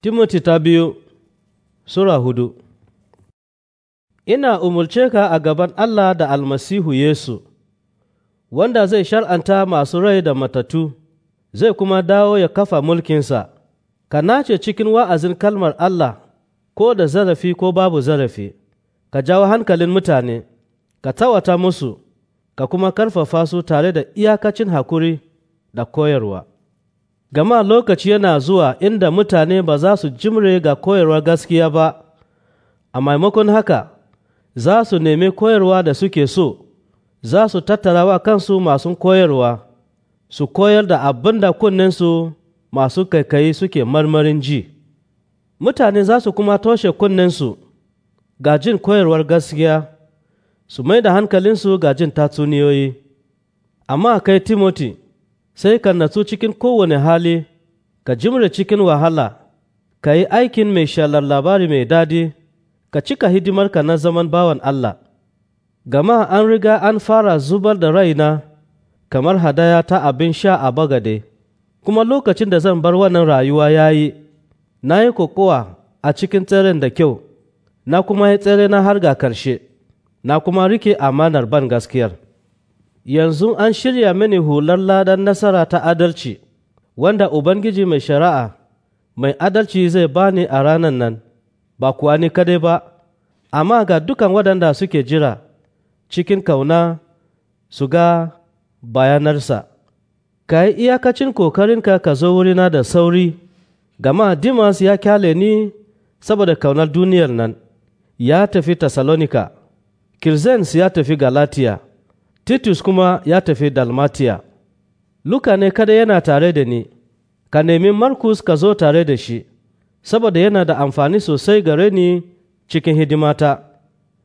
Timoti ta biyu Sura hudu Ina umarce ka a gaban Allah da almasihu Yesu, wanda zai shar'anta masu rai da matatu, zai kuma dawo ya kafa mulkinsa, ka nace cikin wa'azin kalmar Allah ko da zarafi ko babu zarafi, ka jawo hankalin mutane, ka tawata musu, ka kuma karfafa su tare da iyakacin hakuri da koyarwa. gama lokaci yana zuwa inda mutane ba za su jimre ga koyarwar gaskiya ba, a maimakon haka za su nemi koyarwa da suke so, za su tattara wa kansu masu koyarwa, su koyar da abin da kunninsu masu kaikayi suke marmarin ji. Mutane za su kuma toshe kunninsu ga jin koyarwar gaskiya, su mai da hankalinsu ga jin tatsuniyoyi. Amma kai Timoti, sai ka natsu cikin kowane hali, ka jimre cikin wahala, ka yi aikin mai shalar labari mai dadi, ka cika hidimar ka na zaman bawan Allah. Gama an riga an fara zubar da raina kamar hadaya ta abin sha a bagade, kuma lokacin da zan bar wannan rayuwa ya yi, na yi kokowa a cikin tseren da kyau, na kuma yi tsere na har ga karshe, na kuma rike amanar ban gaskiyar. yanzu an shirya mini hular ladan nasara ta adalci, wanda Ubangiji mai shari'a mai adalci zai bani a ranan nan, ba kuwa ni kadai ba, amma ga dukan waɗanda suke jira cikin kauna su ga bayanarsa. Ka yi iyakacin ƙoƙarinka ka zo wurina da sauri, gama Dimas ya kyale ni saboda kaunar duniyar nan, ya tafi Tessalonika, Kirzens ya tafi Galatiya. Titus kuma ya tafi Dalmatiya. Luka ne kada yana tare da ni, ka nemi Markus ka zo tare da shi, saboda yana da amfani sosai gare ni cikin hidimata.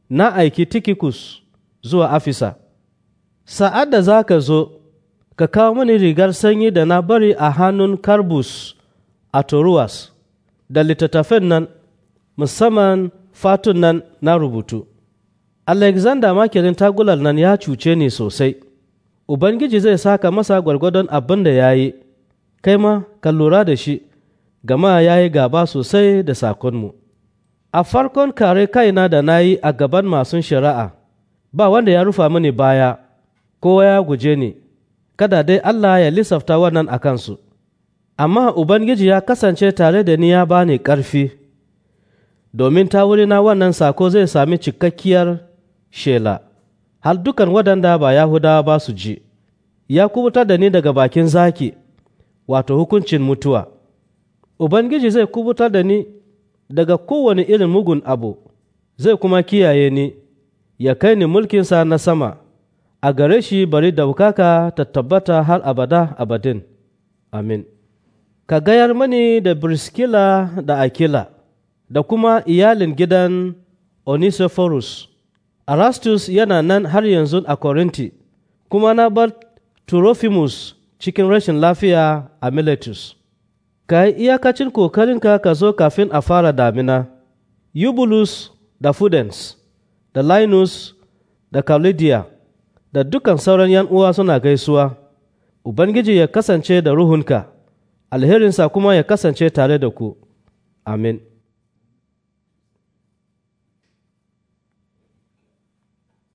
Na aiki Tikikus zuwa Afisa. Sa'ad da za ka zo, ka kawo mani rigar sanyi da na bari a hannun Karbus a Toruwas, da littattafan nan, musamman fatun nan na rubutu. Alexander makirin tagular nan ya cuce ni sosai, Ubangiji zai saka masa gwargwadon abin da ya yi, kai ma ka lura da shi, gama ya yi gaba sosai da sakonmu. A farkon kare kaina da na yi a gaban masu shari'a, ba wanda ya rufa mini baya, kowa ya guje ni, kada dai Allah ya lissafta wannan a kansu. Amma Ubangiji ya kasance tare da ni ya bani ƙarfi, domin ta wurina wannan sako zai sami cikakkiyar shela, har dukan waɗanda ba Yahudawa ba su ji, ya kubutar da ni daga bakin zaki, wato hukuncin mutuwa. Ubangiji zai kubutar da ni daga kowane irin mugun abu, zai kuma kiyaye ni, ya kai ni mulkinsa na sama, a gare shi bari daukaka ta tabbata har abada abadin. Amin. Ka gayar mani da Briskila da Akila, da kuma iyalin gidan Onisophorus. arastus yana nan har yanzu a Korinti, kuma na bar Turofimus cikin rashin lafiya a Miletus. Ka yi iyakacin kokarinka ka zo kafin a fara damina, Yubulus da Fudens, da Linus da Kalidiya, da dukan sauran ‘yan uwa suna gaisuwa, Ubangiji ya kasance da ruhunka, alherinsa kuma ya kasance tare da ku. Amin.